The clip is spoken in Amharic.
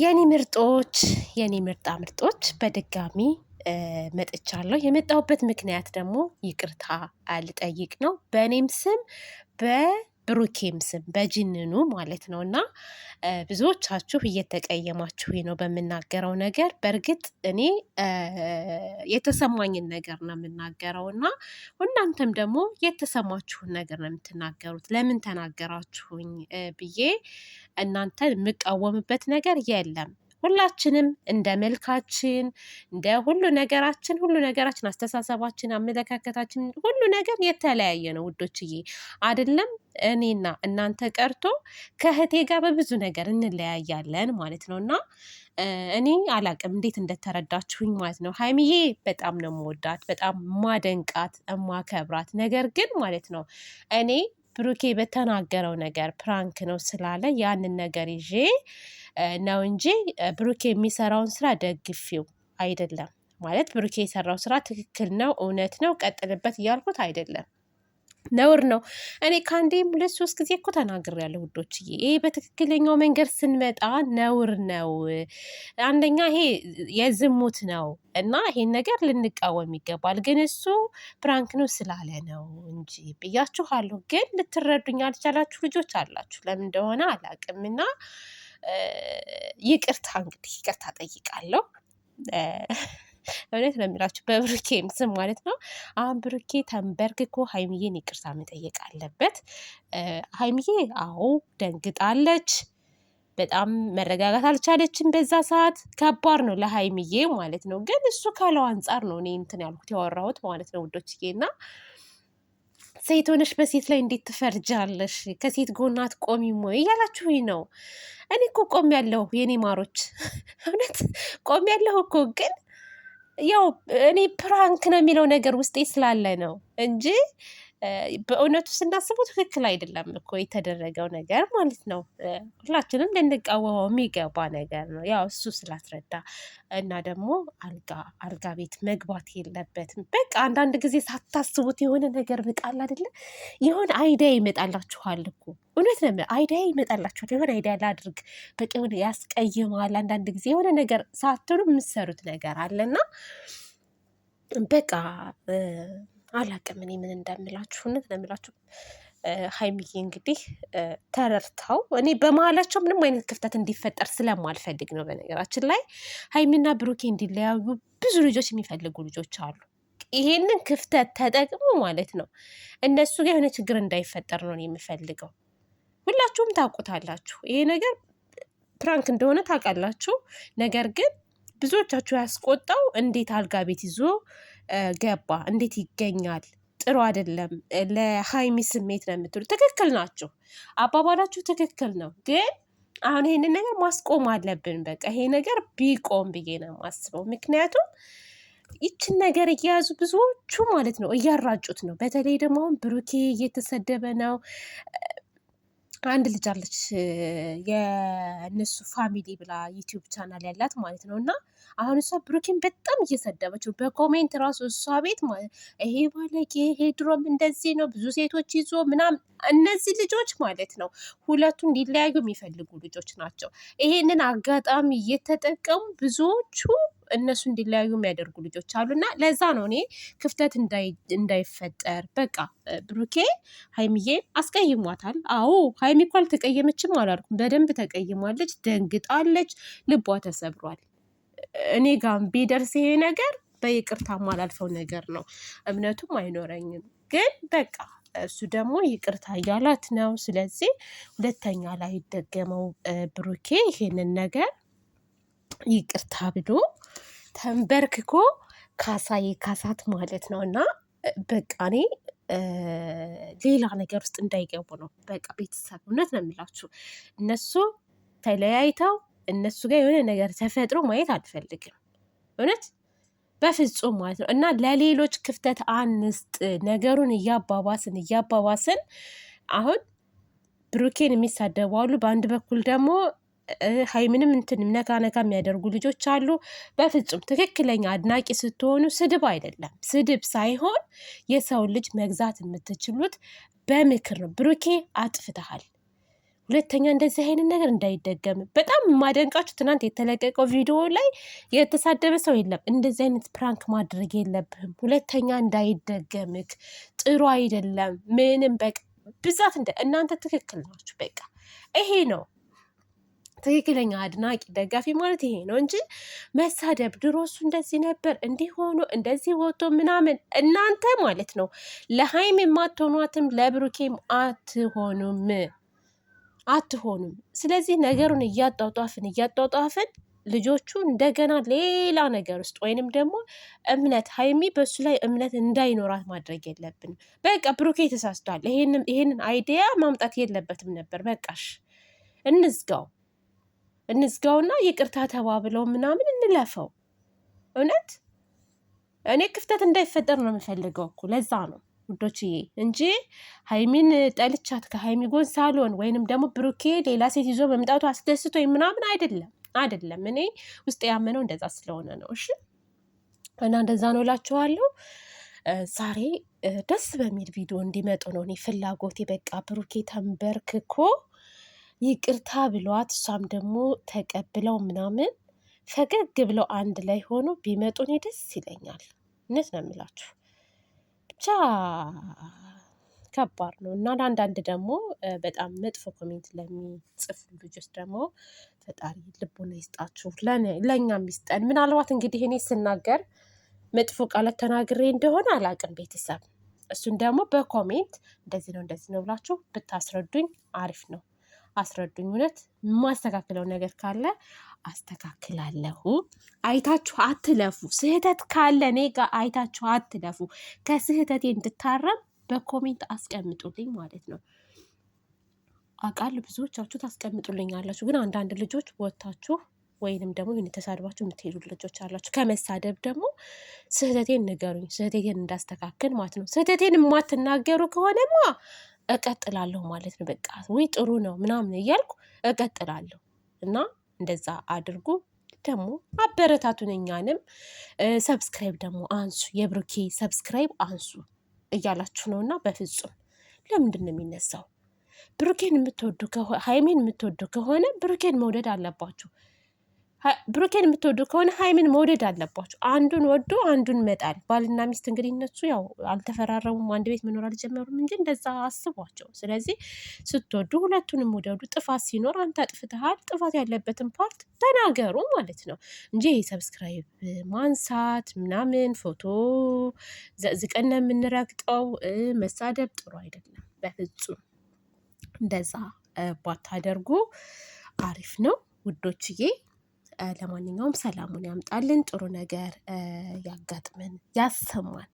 የኔ ምርጦች የኔ ምርጣ ምርጦች በድጋሚ መጥቻለሁ። የመጣሁበት ምክንያት ደግሞ ይቅርታ ልጠይቅ ነው። በእኔም ስም በ ብሩኬም ስም በጅንኑ ማለት ነው። እና ብዙዎቻችሁ እየተቀየማችሁ ነው በምናገረው ነገር። በእርግጥ እኔ የተሰማኝን ነገር ነው የምናገረው እና እናንተም ደግሞ የተሰማችሁን ነገር ነው የምትናገሩት። ለምን ተናገራችሁኝ ብዬ እናንተን የምቃወምበት ነገር የለም። ሁላችንም እንደ መልካችን እንደ ሁሉ ነገራችን ሁሉ ነገራችን አስተሳሰባችን፣ አመለካከታችን ሁሉ ነገር የተለያየ ነው ውዶችዬ። አይደለም እኔና እናንተ ቀርቶ ከእህቴ ጋር በብዙ ነገር እንለያያለን ማለት ነው። እና እኔ አላቅም እንዴት እንደተረዳችሁኝ ማለት ነው። ሀይሚዬ በጣም ነው መወዳት፣ በጣም ማደንቃት፣ እማከብራት ነገር ግን ማለት ነው እኔ ብሩኬ በተናገረው ነገር ፕራንክ ነው ስላለ ያንን ነገር ይዤ ነው እንጂ ብሩኬ የሚሰራውን ስራ ደግፊው አይደለም። ማለት ብሩኬ የሰራው ስራ ትክክል ነው፣ እውነት ነው፣ ቀጥልበት እያልኩት አይደለም። ነውር ነው። እኔ ከአንዴም ሁለት ሶስት ጊዜ እኮ ተናግሬያለሁ ውዶችዬ፣ ይሄ በትክክለኛው መንገድ ስንመጣ ነውር ነው። አንደኛ ይሄ የዝሙት ነው እና ይሄን ነገር ልንቃወም ይገባል። ግን እሱ ፕራንክ ነው ስላለ ነው እንጂ ብያችኋለሁ። ግን ልትረዱኝ አልቻላችሁ ልጆች አላችሁ፣ ለምን እንደሆነ አላውቅም። እና ይቅርታ እንግዲህ ይቅርታ ጠይቃለሁ። እውነት ነው የሚላችሁ በብሩኬም ስም ማለት ነው። አሁን ብሩኬ ተንበርክኮ ሀይሚዬን ይቅርታ መጠየቅ አለበት። ሀይሚዬ አዎ ደንግጣለች። በጣም መረጋጋት አልቻለችም። በዛ ሰዓት ከባድ ነው ለሀይሚዬ ማለት ነው። ግን እሱ ካለው አንጻር ነው እኔ እንትን ያልኩት ያወራሁት ማለት ነው ውዶችዬ እና ሴት ሆነሽ በሴት ላይ እንዴት ትፈርጃለሽ? ከሴት ጎናት ቆሚም ወይ እያላችሁኝ ነው። እኔ እኮ ቆም ያለሁ የኔ ማሮች፣ እውነት ያለሁ እኮ ግን ያው እኔ ፕራንክ ነው የሚለው ነገር ውስጤ ስላለ ነው እንጂ በእውነቱ ስናስበው ትክክል አይደለም እኮ የተደረገው ነገር ማለት ነው። ሁላችንም ልንቃወመው የሚገባ ነገር ነው። ያው እሱ ስላስረዳ እና ደግሞ አልጋ አልጋ ቤት መግባት የለበትም። በቃ አንዳንድ ጊዜ ሳታስቡት የሆነ ነገር ብቃል አይደለ የሆነ አይዲያ ይመጣላችኋል እኮ እውነት ነው። አይዲያ ይመጣላችኋል። የሆነ አይዲያ ላድርግ በቃ የሆነ ያስቀይመዋል። አንዳንድ ጊዜ የሆነ ነገር ሳትሉ የምትሰሩት ነገር አለና በቃ አላቅም እኔ ምን እንደምላችሁ እውነት ለምላችሁ ሀይሚዬ እንግዲህ ተረድተው እኔ በመሀላቸው ምንም አይነት ክፍተት እንዲፈጠር ስለማልፈልግ ነው። በነገራችን ላይ ሀይሚና ብሩኬ እንዲለያዩ ብዙ ልጆች የሚፈልጉ ልጆች አሉ። ይሄንን ክፍተት ተጠቅሞ ማለት ነው እነሱ ጋር የሆነ ችግር እንዳይፈጠር ነው የምፈልገው። ሁላችሁም ታውቁታላችሁ፣ ይሄ ነገር ፕራንክ እንደሆነ ታውቃላችሁ። ነገር ግን ብዙዎቻችሁ ያስቆጣው እንዴት አልጋ ቤት ይዞ ገባ። እንዴት ይገኛል? ጥሩ አይደለም፣ ለሀይሚ ስሜት ነው የምትሉ ትክክል ናችሁ። አባባላችሁ ትክክል ነው፣ ግን አሁን ይሄንን ነገር ማስቆም አለብን። በቃ ይሄ ነገር ቢቆም ብዬ ነው የማስበው። ምክንያቱም ይችን ነገር እየያዙ ብዙዎቹ ማለት ነው እያራጩት ነው። በተለይ ደግሞ አሁን ብሩኬ እየተሰደበ ነው። አንድ ልጅ አለች የእነሱ ፋሚሊ ብላ ዩቲዩብ ቻናል ያላት ማለት ነው እና አሁን እሷ ብሩኬን በጣም እየሰደበችው በኮሜንት ራሱ እሷ ቤት ማለት ይሄ ባለጌ ይሄ ድሮም እንደዚህ ነው ብዙ ሴቶች ይዞ ምናም እነዚህ ልጆች ማለት ነው ሁለቱ እንዲለያዩ የሚፈልጉ ልጆች ናቸው። ይሄንን አጋጣሚ እየተጠቀሙ ብዙዎቹ እነሱ እንዲለያዩ የሚያደርጉ ልጆች አሉና ለዛ ነው እኔ ክፍተት እንዳይፈጠር በቃ ብሩኬ ሀይሚዬን አስቀይሟታል። አዎ ሀይሚ እኮ አልተቀየመችም አላልኩም። በደንብ ተቀይሟለች፣ ደንግጣለች፣ ልቧ ተሰብሯል። እኔ ጋር ቢደርስ ይሄ ነገር በይቅርታ ማላልፈው ነገር ነው። እምነቱም አይኖረኝም። ግን በቃ እሱ ደግሞ ይቅርታ እያላት ነው። ስለዚህ ሁለተኛ ላይ ደገመው ብሩኬ ይሄንን ነገር ይቅርታ ብሎ ተንበርክኮ ካሳ የካሳት ማለት ነው እና በቃ እኔ ሌላ ነገር ውስጥ እንዳይገቡ ነው። በቃ ቤተሰብ እውነት ነው የምላችሁ እነሱ ተለያይተው እነሱ ጋር የሆነ ነገር ተፈጥሮ ማየት አልፈልግም። እውነት በፍጹም ማለት ነው። እና ለሌሎች ክፍተት አንስጥ። ነገሩን እያባባስን እያባባስን አሁን ብሩኬን የሚሳደቡ አሉ። በአንድ በኩል ደግሞ ሀይምንም እንትን ነካ ነካ የሚያደርጉ ልጆች አሉ። በፍጹም ትክክለኛ አድናቂ ስትሆኑ ስድብ አይደለም፣ ስድብ ሳይሆን የሰውን ልጅ መግዛት የምትችሉት በምክር ነው። ብሩኬ አጥፍተሃል፣ ሁለተኛ እንደዚህ አይነት ነገር እንዳይደገም። በጣም የማደንቃችሁ ትናንት የተለቀቀው ቪዲዮ ላይ የተሳደበ ሰው የለም። እንደዚህ አይነት ፕራንክ ማድረግ የለብህም፣ ሁለተኛ እንዳይደገምክ፣ ጥሩ አይደለም። ምንም በቃ ብዛት እንደ እናንተ ትክክል ናችሁ። በቃ ይሄ ነው ትክክለኛ አድናቂ ደጋፊ ማለት ይሄ ነው እንጂ መሳደብ፣ ድሮ እሱ እንደዚህ ነበር እንዲህ ሆኖ እንደዚህ ወጥቶ ምናምን፣ እናንተ ማለት ነው ለሀይም የማትሆኗትም ለብሩኬም አትሆኑም። አትሆኑም ስለዚህ ነገሩን እያጧጧፍን እያጧጧፍን ልጆቹ እንደገና ሌላ ነገር ውስጥ ወይንም ደግሞ እምነት ሀይሚ በሱ ላይ እምነት እንዳይኖራት ማድረግ የለብንም። በቃ ብሩኬ ተሳስቷል። ይሄንን አይዲያ ማምጣት የለበትም ነበር። በቃሽ እንዝጋው፣ እንዝጋውና ይቅርታ ተባብለው ምናምን እንለፈው። እውነት እኔ ክፍተት እንዳይፈጠር ነው የምፈልገው እኮ ለዛ ነው ውዶችዬ እንጂ ሀይሚን ጠልቻት ከሀይሚ ጎን ሳልሆን ወይንም ደግሞ ብሩኬ ሌላ ሴት ይዞ መምጣቱ አስደስቶኝ ምናምን አይደለም አይደለም። እኔ ውስጥ ያመነው እንደዛ ስለሆነ ነው። እሺ እና እንደዛ ነው እላችኋለሁ። ዛሬ ደስ በሚል ቪዲዮ እንዲመጡ ነው እኔ ፍላጎቴ። በቃ ብሩኬ ተንበርክኮ ይቅርታ ብሏት እሷም ደግሞ ተቀብለው ምናምን ፈገግ ብለው አንድ ላይ ሆኖ ቢመጡ እኔ ደስ ይለኛል። እውነት ነው የምላችሁ። ብቻ ከባድ ነው እና ለአንዳንድ ደግሞ በጣም መጥፎ ኮሜንት ለሚጽፉ ልጆች ደግሞ ፈጣሪ ልቦና ይስጣችሁ፣ ለእኛ ሚስጠን። ምናልባት እንግዲህ እኔ ስናገር መጥፎ ቃላት ተናግሬ እንደሆነ አላቅም ቤተሰብ እሱን ደግሞ በኮሜንት እንደዚህ ነው እንደዚህ ነው ብላችሁ ብታስረዱኝ አሪፍ ነው። አስረዱኝ። እውነት የማስተካክለው ነገር ካለ አስተካክላለሁ። አይታችሁ አትለፉ። ስህተት ካለ እኔ ጋር አይታችሁ አትለፉ። ከስህተቴ እንድታረም በኮሜንት አስቀምጡልኝ ማለት ነው። አቃል ብዙዎቻችሁ አላችሁ፣ ግን አንዳንድ ልጆች ወጥታችሁ ወይንም ደግሞ ይህን ተሳድባችሁ የምትሄዱ ልጆች አላችሁ። ከመሳደብ ደግሞ ስህተቴን ንገሩኝ፣ ስህተቴን እንዳስተካክል ማለት ነው። ስህተቴን የማትናገሩ ከሆነማ እቀጥላለሁ ማለት ነው። በቃ ወይ ጥሩ ነው ምናምን እያልኩ እቀጥላለሁ እና እንደዛ አድርጉ። ደግሞ አበረታቱን እኛንም። ሰብስክራይብ ደግሞ አንሱ፣ የብሩኬ ሰብስክራይብ አንሱ እያላችሁ እና በፍጹም ለምንድን ነው የሚነሳው? ብሩኬን የምትወዱ ሀይሜን የምትወዱ ከሆነ ብሩኬን መውደድ አለባችሁ። ብሩኬን የምትወዱ ከሆነ ሀይምን መውደድ አለባቸው። አንዱን ወዶ አንዱን መጣል። ባልና ሚስት እንግዲህ እነሱ ያው አልተፈራረሙም፣ አንድ ቤት መኖር አልጀመሩም እንጂ እንደዛ አስቧቸው። ስለዚህ ስትወዱ ሁለቱንም ውደዱ። ጥፋት ሲኖር አንተ አጥፍተሃል፣ ጥፋት ያለበትን ፓርት ተናገሩ ማለት ነው እንጂ ሰብስክራይብ ማንሳት ምናምን ፎቶ ዘቅዝቀን የምንረግጠው መሳደብ ጥሩ አይደለም። በፍጹም እንደዛ ባታደርጉ አሪፍ ነው ውዶችዬ። ለማንኛውም ሰላሙን ያምጣልን፣ ጥሩ ነገር ያጋጥመን፣ ያሰማን።